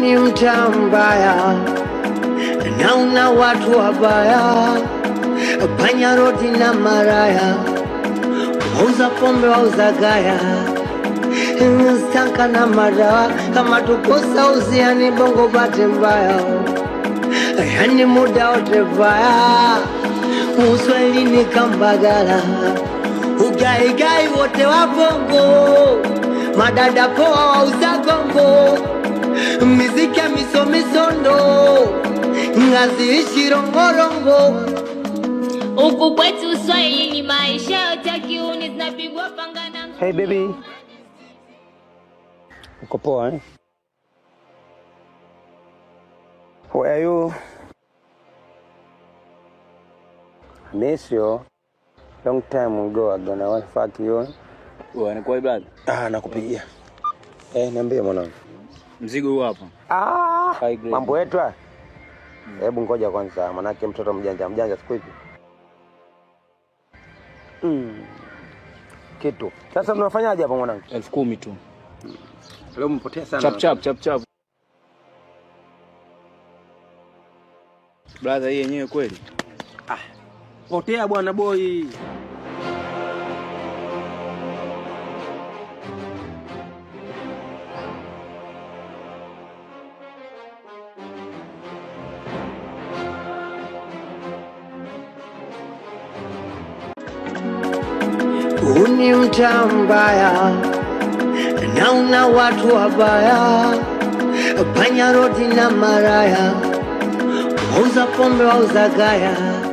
ni mtaa mbaya na una watu wabaya, panya rodi na maraya, wauza pombe, wauza gaya, stanka na madawa, kama tukosa uziani bongo bate mbaya, yani muda wote baya, uswahilini kambagala, ugaigai wote wa bongo, madada poa wauza gongo miziki ya misomisondo ngaziishi rongorongo huku kwetu Uswahili ni maisha yote kiuni zinapigwa panga na Hey baby. Uko poa eh? Where are you? Miss you. Long time ago I gonna fuck you. Wewe unakuwa brother? Ah, nakupigia. Eh, niambie mwanangu. Mzigo huu hapa. Ah, mambo yetu. Hebu ngoja kwanza, manake mtoto mjanja mjanja siku hizi mm. Kitu sasa mnafanyaje hapa mwanangu? elfu kumi tu leo mpotea sana. Chap chap chap chap. Brother, hii yenyewe kweli. Ah, potea bwana boy. huu ni mtaa mbaya na watu wabaya, panya rodi na maraya, wauza pombe wauza gaya